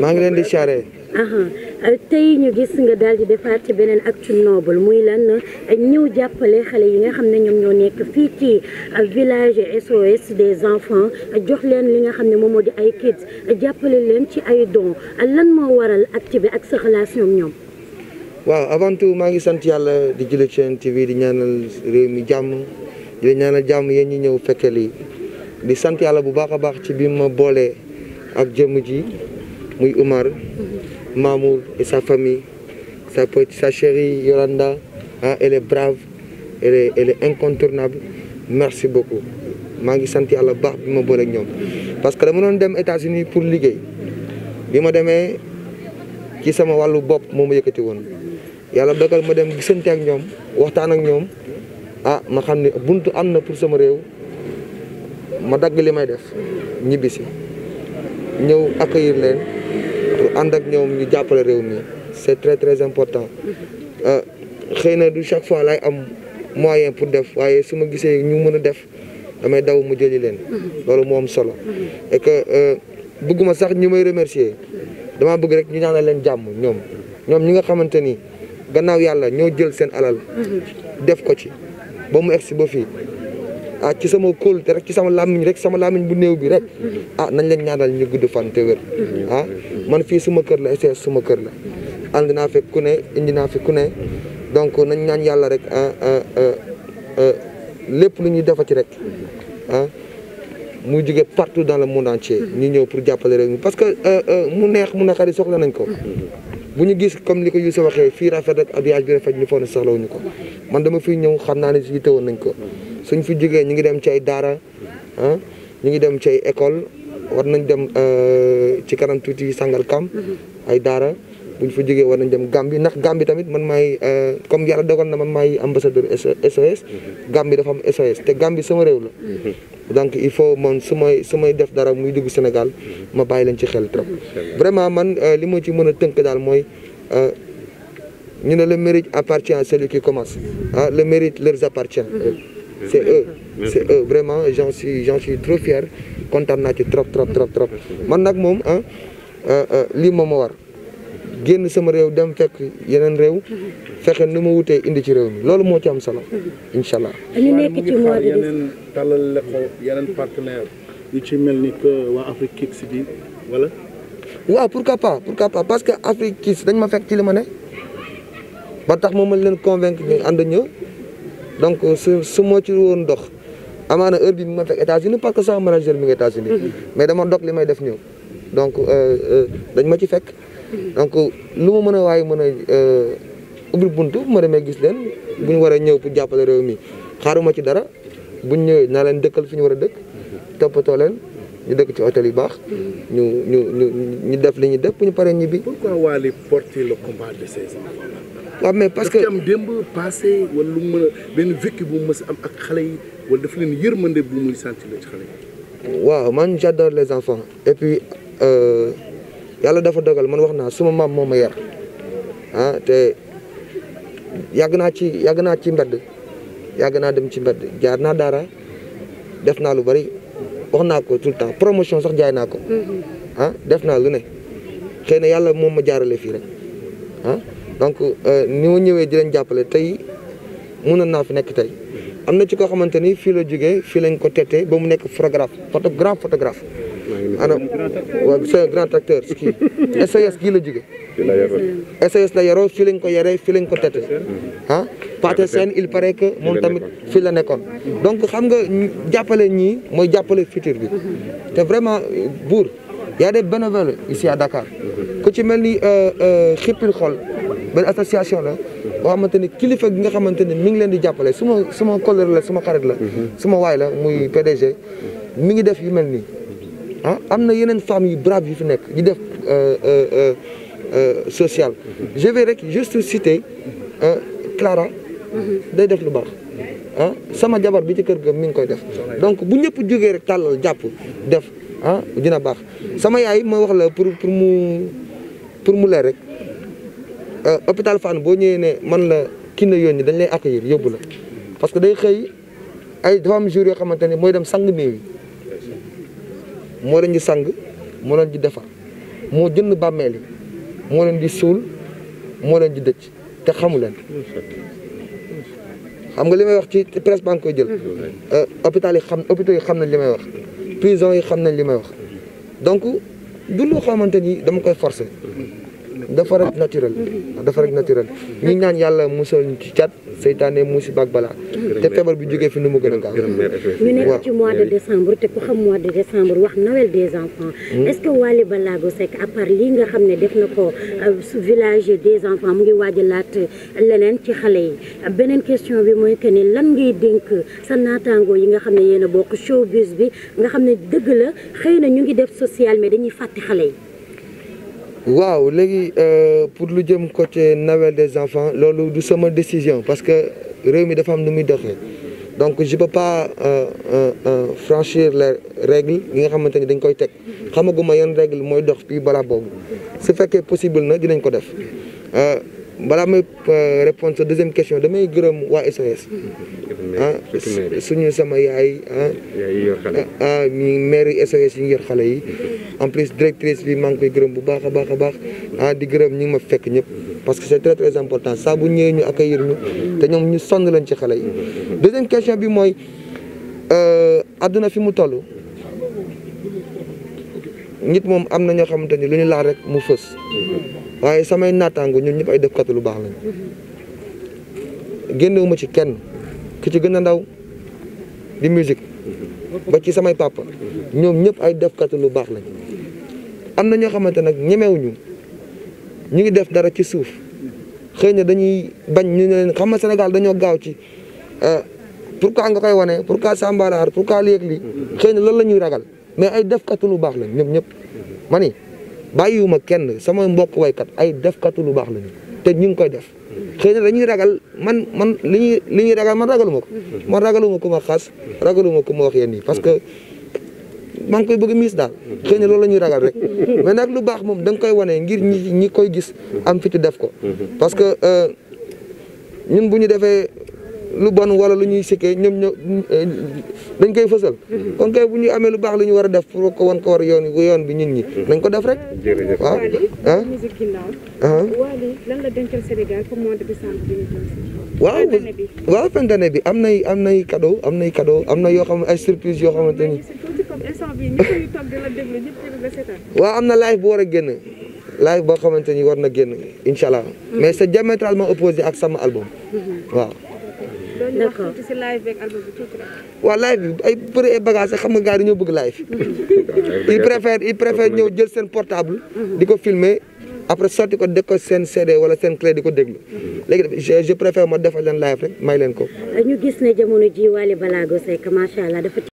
maa ngi leen di siyaare. tey ñu gis nga daal di defaat ci beneen acte noble muy lan ñëw jàppale xale yi nga xam ne ñoom ñoo nekk fii ci village SOS des enfants jox leen li nga xam ne moom moo di ay kids jàppale leen ci ay a lan moo waral acte bi ak sa relation ñoom. waaw avant tout maa ngi sant yàlla di julli ci Yonent bi di ñaanal réew mi jàmm di ñaanal jàmm yéen ñi ñëw fekkee lii di sant yàlla bu baax a baax ci bi ma boolee ak jëmm ji. muy Umar Mamour et sa famille sa petite sa chérie Yolanda ah elle est brave elle est elle est incontournable merci beaucoup maa ngi sant yàlla baax bi ma boole ak ñoom parce que dama doon dem États-Unis pour liggéey bi ma demee ci sama wàllu bopp moo ma yëkkati woon yàlla dogal ma dem gisante ak ñoom waxtaan ak ñoom ah ma xam ne buntu am na pour sama réew ma dagg li may def ñibbisi ñëw accueillir leen pour ànd ak ñoom ñu jàppale réew mi c'est très très important euh, xëy na du chaque fois lay am moyen pour def waaye su ma gisee ñu mën a def damay daw mu jëli leen loolu moo am solo et que euh, bëgguma sax ñi may remercier dama bëgg rek ñu ñaanal leen jàmm ñoom ñoom ñi nga xamante ni gannaaw yàlla ñoo jël seen alal mhm. def ko ci ba mu egsi ba fii ah ci sama kóol te rek ci sama làmmiñ rek sama làmmiñ bu néew bi rek ah nañ leen ñaanal ñu gudd fan te wér ah, man fii suma kër la SOS suma kër la ànd naa fekk ku ne indi naa fi ku ne donc nañ ñaan yàlla rek ah, ah, lépp lu ñuy ci rek ah mu jóge partout dans le monde entier ñu ñëw pour jàppale rek parce que euh, euh, mu neex mu naqari soxla nañ ko bu ñu gis comme li ko Youssou waxee fii rafet rek habillage bi rafet ñu foog ne wuñu ko man dama fiy ñëw xam naa ne si woon nañ ko suñ fi jógee ñu ngi dem ci ay daara ah ñu ngi dem ci ay école war nañ dem euh, ci kanam tuuti sangal kam mhm. ay daara bu buñ fa jógee war nañ dem Gambie ndax Gambie tamit man maay euh, comme yàlla dogal na man maay ambassadeur SOS mhm. Gambie dafa am SOS te Gambie sama réew la mhm. donc il faut man su may su may def dara muy dugg Sénégal ma bàyyi leen ci xel trop vraiment man euh, li ma ci mën a tënk daal mooy ñu ne le mérite appartient à celui ki commence ah le mérite leur appartient c'est eux c'est eux vraiment j'en suis j'en suis trop fier kontaan naa ci trop trop trop trop man nag moom ah lii moom ma war génn sama réew dem fekk yeneen réew fexe nu ma wutee indi ci réew mi loolu moo ci am solo incha allah. ñu nekk ci yeneen tàllal la yeneen partenaire yu ci mel ni que waa Afrique Kids bi wala. waaw pourquoi pas pourquoi pas parce que Afrique kiis dañ ma fekk ci li ma ne ba tax moom ma leen convaincre ñu ànd ñëw. donc euh, su suma ci woon dox amaana heure bi mi ma fekk États-Unis parce que sama manager mi ngi États-Unis mhm. mais dama dog li may def ñëw donc euh, euh, dañ ma ci fekk mhm. donc lu ma mën a waaye mën a ubbi bunt ma demee gis leen bu ñu war a ñëw pour jàppale réew mi xaaruma ci dara buñ ñëwee naa leen dëkkal fi ñu war a dëkk mhm. toppatoo leen ñu dëkk ci hôtel yu baax. ñu ñu ñu ñu def li ñuy def bu ñu paree ñibbi. pourquoi Wally porter le combat waaw mais parce que am démb passé wala lu mën benn vécu bu mu mës am ak xale yi wala dafa leen yërmande bu muy sentir waaw man j'adore les enfants et puis euh, yàlla dafa dogal man wax naa suma maam moo ma yar ah, te yàgg naa ci yàgg naa ci mbedd yàgg naa dem ci mbedd jaar naa daara def naa lu bari. wax naa ko tout le temps promotion sax jaay naa ko. Mm-hmm. Ah, def naa lu ne xëy na yàlla moom ma jaarale fii rek ah donc euh, ni ma ñëwee di lañ jàppale tey mun na naa fi nekk tey. am na ci koo xamante ni fii la jógee fii lañ ko tette ba mu nekk photographe photo grand photographe. ana waaw c'est grand acteur kii SAS gii la jógee. SAS la yaroo fii lañ ko yaree fii lañ ko tette mm-hmm. ah, Pathé seen il pare que moom tamit fii la nekkoon donc xam nga jàppale ñii mooy jàppale futur bi te vraiment buur y a des bénévoles ici à Dakar ku ci mel ni euh, euh, xippil xol benn association la boo xamante ni kilifa gi nga xamante ni mi ngi leen di jàppale suma suma collègue la suma xarit la mhm. suma waay la muy PDG mi ngi def yu mel nii ah am na yeneen femmes yu brave yu fi nekk yu def euh, social mhm. je vais rek juste citer Clara day def lu baax ah sama jabar bi ci kër ga mi ngi koy def donc bu ñëpp jógee rek tàllal jàpp def ah dina baax sama yaay ma wax la pour pour mu pour mu leer rek euh, hôpital Fann boo ñëwee ne man la kii na yónni dañ lay accueillir yóbbu la parce que day xëy ay dafa am yoo xamante ne mooy dem sang néew moo leen di sang moo leen di defar moo jënd bàmmeel yi moo leen di suul moo leen di dëcc te xamu leen xam nga li may wax ci presse baa ngi koy jël. Mm-hmm. Euh, hôpital yi xam hôpital yi xam nañ li may wax prison yi xam nañ li may wax donc du loo xamante ni dama koy forcer. Mm-hmm. dafa rek naturel dafa rek naturel ñi ñaan yàlla musal ñu ci cat seytaane musiba ak balaa te feebar bi jógee fi nu mu gën a gaaw ñu ko ci mois de décembre te ku xam mois de décembre wax Noël des enfants hmm? est-ce que Wally Ballago Seck nga xam ne def na ko euh, village des enfants mu ngi waajalaat leneen ci xale yi beneen question bi mooy que ne lan ngay dénk sa naataangoo yi nga xam ne yéen a bokk showbiz bi nga xam ne dëgg la xëy na ñu ngi def social mais dañuy fàtte xale yi waaw léegi euh, pour lu jëm côté nawel des enfants loolu du sama décision parce que réew mi dafa am nu muy doxee donc je peux pas euh, euh, franchir les règles yi nga xamante ni dañ koy teg xamaguma yan règle mooy dox fii balaa boobu su fekkee possible na dinañ ko def balaa may répondre sa deuxième question damay gërëm waa SOS ah suñu sama yaay ah. ah, ah maire SOS yi nger xale yi. en plus directrice bi maa ngi koy gërëm bu baax a baax a baax ah di gërëm ñi ma fekk ñëpp. parce que c'est très très important saa bu ñëwee ñu accueillir ñu te ñoom ñu sonn leen ci xale yi. deuxième question bi mooy euh, àdduna fi mu toll nit moom am na ñoo xamante ni lu ñu laal rek mu fës waaye samay naataango ñun ñëpp ay def kat lu baax lañu génnewuma ci kenn. ki ci gën a ndaw di musique ba ci samay papa ñoom ñëpp ay defkatu lu baax lañ am na ñoo xamante nag ñemewuñu ñu ngi def dara ci suuf xëy na dañuy bañ ñu ne leen xam nga Sénégal dañoo gaaw ci euh, pourquoi nga koy wane ka Sambalaar pourquoi léeg li xëy na loolu la ñuy ragal mais ay defkatu lu baax lañ ñoom ñëpp ma ni bàyyiwuma kenn sama mbokk waykat ay defkatu lu baax lañu te ñu ngi koy def xëy na dañuy ragal man man li ñuy li ñuy ragal man ragaluma ko man ragaluma ko ma xas ragaluma ko ma wax nii parce que maa koy bëgg miis daal xëy na loolu la ñuy ragal rek mais nag lu baax moom dang nga koy wane ngir ñi ñi koy gis am fitu def ko parce que euh, ñun bu ñu lu bon wala lu ñuy sikkee ñoom ñoo dañ koy fësal. Mm-hmm. kon kay bu ñu amee lu baax lu ñu war a def pour ko wan ko war yoon bu yoon bi ñun ñi mm-hmm. nañ ko def rek. jërëjëf waaw ah, ah? lan la dencal Sénégal pour mois de décembre bi waaw waaw fin d'année bi am nay am nay cadeau am nay cadeau am na yoo xam ay surprise yoo xamante ni. waaw am na live bu war a génn. live boo xamante ni war na génn incha allah. Mm-hmm. mais c'est diamétralement opposé ak sama album. waaw. d'accord ci live beeg album bi xam nga gars yi dañoo bëgg live. il préfère il préfère ñëw jël seen portable. di ko filmer après sotti ko def ko seen CD wala seen clé di ko déglu. léegi je je préfère ma defal leen live rek may leen ko. ñu gis ne jamono ji Wally Ballago Seck macha allah